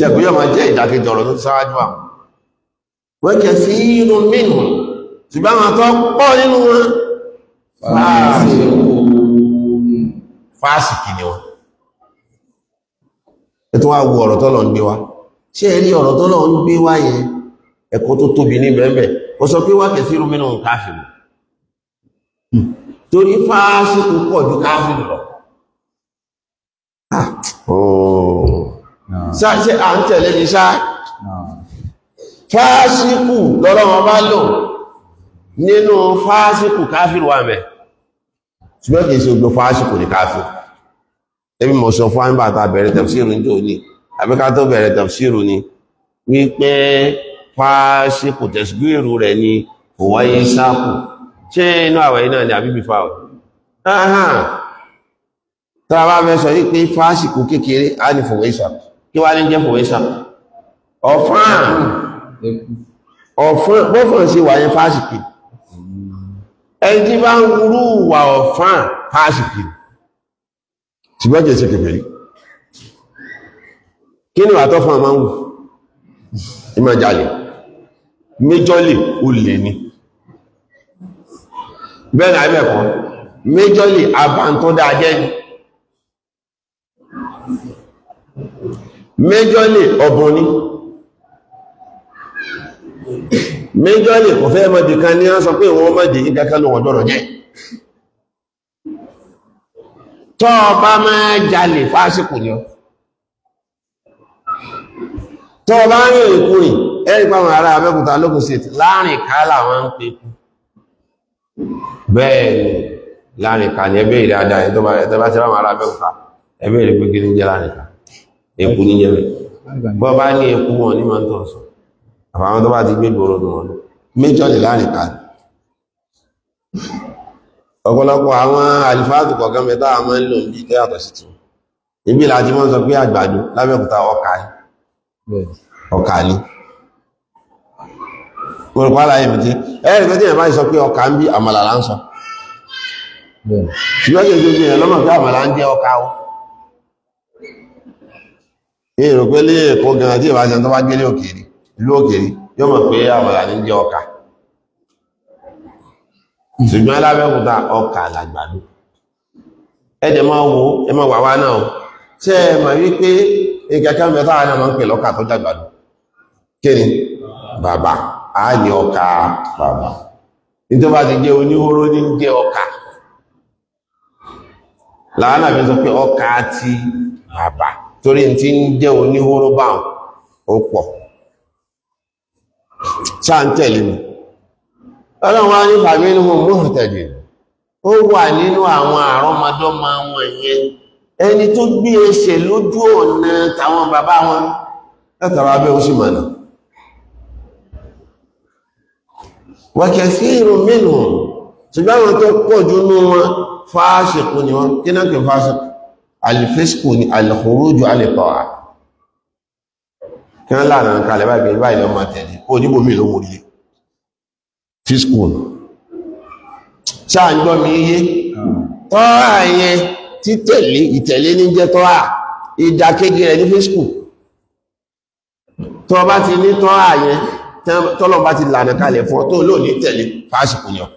tí yọ máa jẹ́ ìdákejì ọ̀rọ̀ tó sáájú àwọn wọ́n sí inú mínú ṣùgbọ́n àwọn tó pọ̀ nínú wọn fásìkì ni wọn ẹ̀tún wá wo ọ̀rọ̀ tọ́lọ̀ ń gbé wá ṣé ẹ rí ọ̀rọ̀ tọ́lọ̀ ń gbé wá yẹn ẹ̀kọ́ tó tóbi ní bẹ́ẹ̀ ó sọ pé wá sí inú mínú káfíìn torí fásìkì pọ̀ ju káfíìn lọ ṣe à ń tẹ̀lé ní ṣá fásíkù lọ́rọ̀ wọn bá lò nínú fásíkù káfíìrì wà mẹ́ ṣùgbọ́n kìí ṣe gbogbo fásíkù ní káfíìrì ẹbí mọ̀ sọ fún àmì àtà bẹ̀rẹ̀ tẹ̀fsíìrù ní tòní àbíká tó bẹ̀rẹ̀ tẹ̀fsíìrù ni wípé fásíkù tẹ̀sígbìrù rẹ̀ ni kò wáyé sáàkù ṣé inú àwẹ̀ náà ni àbíbí fa ọ̀ tá a bá fẹ́ sọ wípé fásíkù kékeré á ní fòwé sáàkù kí wá ní jẹ́ fòwésà ọ̀fán ọ̀fán bọ́fàn sí wà ní fásitì ẹni tí bá ń gúrú wà ọ̀fán fásitì ṣùgbọ́n jẹ́ sí kèfèrí kí ni wà tọ́fàn máa ń wù ìmọ̀ jalè méjọ́lì olè bẹ́ẹ̀ ni àbẹ̀kọ́ méjọ́lì abàntọ́dá jẹ́ ni méjọ́lè ọ̀bùn ni méjọ́lè kò fẹ́ mọ́dì kan ní án sọ pé wọ́n mọ́dì ìdákan lọ́wọ́ dọ́rọ̀ jẹ́ tọ́ ọba máa jalè fásitì ni ọ tọ́ ọba rí èkú rìn ẹ̀rí pàwọn ará Abẹ́òkúta lókùn sí láàrin kálà wọ́n ń pẹ̀kú bẹ́ẹ̀ láàrin kálà ẹgbẹ́ ìdáadáa ẹ̀tọ́ bá ti ráwọn ará Abẹ́òkúta ẹgbẹ́ ìrẹ́gbẹ́gbẹ́ ní jẹ́ láàrin kálà èkú ní jẹ́ bọ́ bá ní èkú wọn ní máa ń tọ́ sọ àfàwọn tó bá ti gbé gbòòrò dùn wọn méjọ lè láàrin ká ọ̀pọ̀lọpọ̀ àwọn àlìfáàtù kọ̀ọ̀kan mẹ́ta àmọ́ ń lò bí tẹ́yàtọ̀ sí ti ibi láti mọ́ sọ pé àgbàdo lábẹ́kúta ọkà ni ọkà ni kòròpá láyé mi ti ẹ̀rì tó tíyẹ̀ báyìí sọ pé ọkà ń bí àmàlà là ń sọ ṣùgbọ́n kí n tó gbìyànjú lọ́mọ pé àmàlà ń jẹ́ ọkà wọn èrò pé lé ẹ̀kọ́ gan tí ìbájá tó bá gbélé òkèrí ìlú òkèrí yóò mọ̀ pé àmàlà ní jẹ́ ọkà ṣùgbọ́n alábẹ́kúta ọkà làgbàdo ẹ̀jẹ̀ máa wo ẹ máa wà wá náà ṣe pé mẹ́ta ń pè lọ́kà tó jàgbàdo kí ni á ní ọkà nítorí bá ti oníhóró ní ọkà sọ pé ọkà ti torí tí ń jẹ́ oníhóró bá ó pọ̀ ṣáńtẹ̀lì mi ọlọ́run wá ní fàmílì mú mọ́tẹ̀lì ó wà nínú àwọn ma wọn yẹn ẹni tó gbé ẹsẹ̀ lójú ọ̀nà tàwọn bàbá wọn látara abẹ́ ó sì mọ̀nà ṣùgbọ́n àwọn tó pọ̀ jù wọn fáṣẹ̀kù ni wọn kí alifisku ni alikuruju alitọ́ra kí wọ́n láàrin kalẹ̀ báyìí báyìí lọ́mọ tẹ̀lé ó níbò mí ló mú ilé fisku sáà ń gbọ́ mi yé tọ́ra yẹn títẹ̀lé ìtẹ̀lé ní jẹ́ tọ́ra ìdàkejì rẹ̀ ní fisku tọ́ bá ti ní tọ́ra yẹn tọ́lọ́ bá ti lànà kalẹ̀ fún ọ tó lóò ní tẹ̀lé fásitì yàn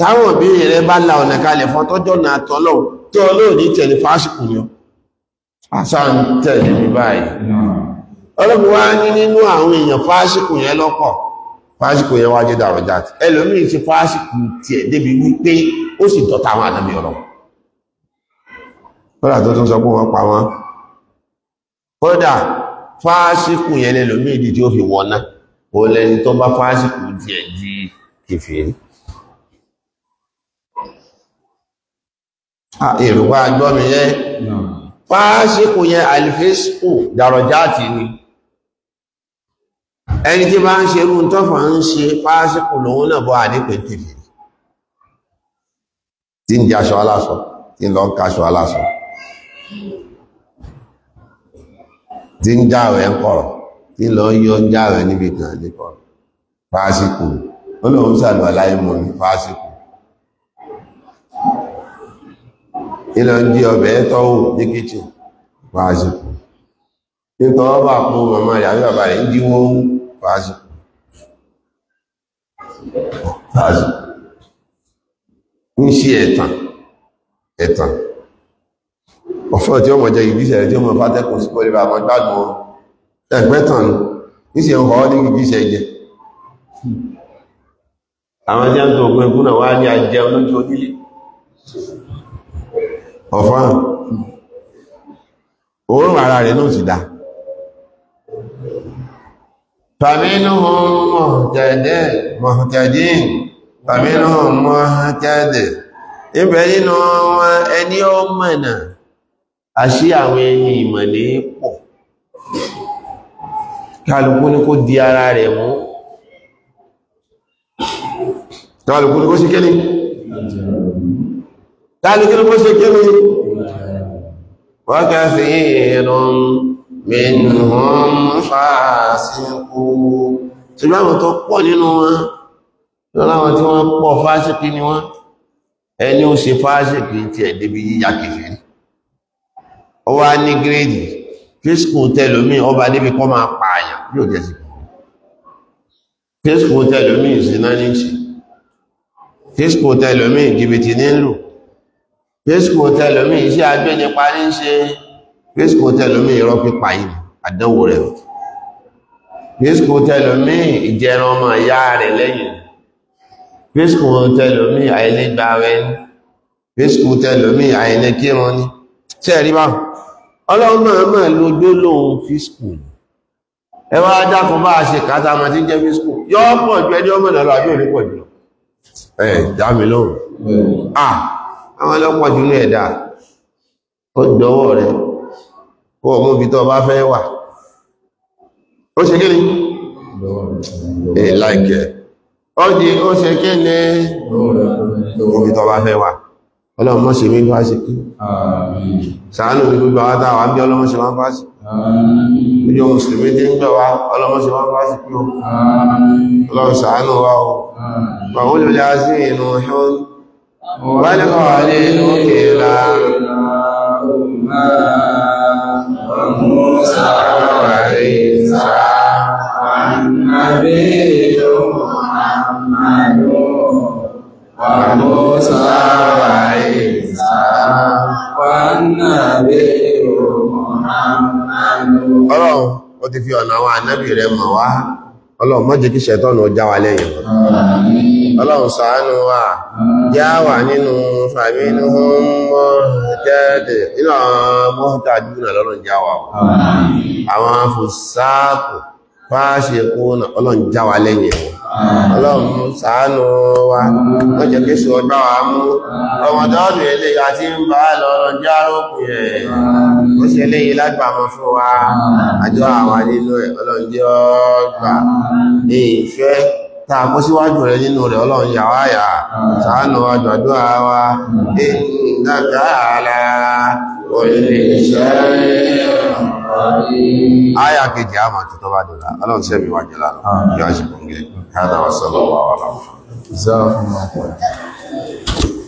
táwọn òbí rẹ bá la ọ̀nà kalẹ̀ fún tọ́jọ́ náà tọ́lọ̀ tó ọlọ́run ní tẹ̀lé fásitì yọ àsáà ń tẹ̀lé ní báyìí ọlọ́run wá ní nínú àwọn èèyàn fásitì yẹn lọ́pọ̀ fásitì yẹn wá jẹ́ dàrọ̀jà ẹlòmíì ti fásitì tiẹ̀ débi wípé ó sì dọ̀tá àwọn àdàbí ọ̀rọ̀ kódà tó tún sọ pé wọ́n pa Ah, èrùpá agbọ́mi yẹ́ fásikù yẹn alifésíkù dàrọ̀jáàtì ni ẹni tí bá ń ṣe irú tọ́fà ń ṣe fásikù lòun náà bọ́ àdípẹ̀ tèfè tí ń jẹ aṣọ aláṣọ tí ń lọ ń kaṣọ aláṣọ tí ń jáwẹ̀ ń kọ̀rọ̀ tí ń lọ yọ jáwẹ̀ níbi kan ní kọ̀rọ̀ fásikù ó ilẹ̀ ń di ọbẹ̀ tọ́wò ní kíchìn pàásìkò nítọ́ ọba kún màmá rẹ̀ àbí bàbá rẹ̀ ń díwó pàásìkò pàásìkò ń ṣe ẹ̀tàn ẹ̀tàn ọ̀fẹ́ tí ó mọ̀ jẹ ìgbésẹ̀ tí ó mọ̀ fátẹ́kùn sí pọ́lẹ̀ bá máa gbádùn wọn ẹgbẹ́tàn ní sí ọkọ̀ ní ìgbésẹ̀ jẹ àwọn tí a ń tó ògùn ẹgbùn náà wá ní ajẹ́ ọ̀fọ́nà òórùn ara rẹ̀ náà sì dá fàmínúhùn mọ̀tẹ̀dẹ̀ mọ̀tẹ̀dẹ̀ fàmínúhùn mọ̀tẹ̀dẹ̀ ibẹ̀ nínú wọn ẹni ọmọ̀nà àṣí àwọn ẹni ìmọ̀ ní pọ̀ kálukú ní kó di ara rẹ̀ mú kálukú ní kó sí kẹ́lẹ̀ tàbí kí ló mọ́ ṣe kíni wọ́gá sí ìrùn mìíràn fásíkú ṣùgbọ́n àwọn tó pọ̀ nínú wọn lọ́nà àwọn tí wọ́n pọ̀ fásíkí ni wọ́n ẹni ó ṣe fásíkí tí ẹ̀ débi yíya kìfẹ́ ó wá ní gírèdì fíṣkù tẹ́lómí ọba débi kọ́ máa pààyàn yóò jẹ́ sí fíṣkù tẹ́lómí ìsináníṣì fíṣkù tẹ́lómí jìbìtì nílùú hotel tẹ́lómí iṣẹ́ agbẹ́ni parí ń ṣe fésìkò tẹ́lómí irọ́ pípa yìí àdánwò rẹ̀ hotel tẹ́lómí ìjẹran ọmọ ìyá rẹ̀ lẹ́yìn hotel tẹ́lómí àìlẹ́gbà rẹ̀ ní fésìkò tẹ́lómí àìlẹ́kírun ní tẹ́ẹ̀rí bá ọlọ́run náà máa lo gbólóhùn fésìkò ẹ wá dákun bá a ṣe kátà máa ti jẹ́ fésìkò yọ́ pọ̀ ju ẹni ọmọ náà lọ àbí òní pọ̀ jù lọ ẹ̀ dá mi lóhùn ah àwọn ọlọ́pọ̀ jù ní ẹ̀dá ó gbọ́wọ́ rẹ̀ kó ọmọ ibi tó bá fẹ́ wà ó ṣe kíni èyí láìkẹ́ ó di ó ṣe kíni ibi tó bá fẹ́ wà ọlọ́run mọ́ ṣe mí bá ṣe kí sàánù ní gbogbo àwọn táwà bí ọlọ́run ṣe wọ́n bá ṣe ìjọ mùsùlùmí tí ń gbẹ̀wà ọlọ́run ṣe wọ́n bá ṣe kí ọlọ́run sàánù wá ọ والقليل كلاهما موسى وعيسى والنبي محمد وموسى وعيسى والنبي محمد ọlọ́run ó ti fi ọ̀nà àwọn ànábì rẹ̀ mọ̀ wá ọlọ́run má jẹ́ kí ṣẹ̀tọ́nù já wa lẹ́yìn wọn ọlọ́run ṣàánú wa já wà nínú fàmínú mọ́jáde nínú àwọn mọ́jáde náà lọ́rùn já wa àwọn fòsáàkù fáṣe kúnnà ọlọ́run já wa lẹ́yìn ọlọ́run ṣàánú wa wọ́n jẹ́ kí sọ ọgbá wa mú ọmọdọ́dún ilé àti ń bá lọ́rọ̀ já rókùn ẹ̀ ó ṣe léyìn lágbàmọ́ fún wa àjọ àwà nínú ẹ̀ ọlọ́run jẹ́ ọgbà ìfẹ́ ta kó síwájú rẹ̀ nínú rẹ̀ ọlọ́run yà wá yà wa ní ìdájọ́ àlà òṣèṣẹ́ Aya kejì a máa tuntun bá dọ̀la, ọlọ́run sẹ́mi wà jẹ́ lánàá, yóò ṣe kúngẹ̀, káàdà wà sọ́lọ́wọ́ àwọn àwọn.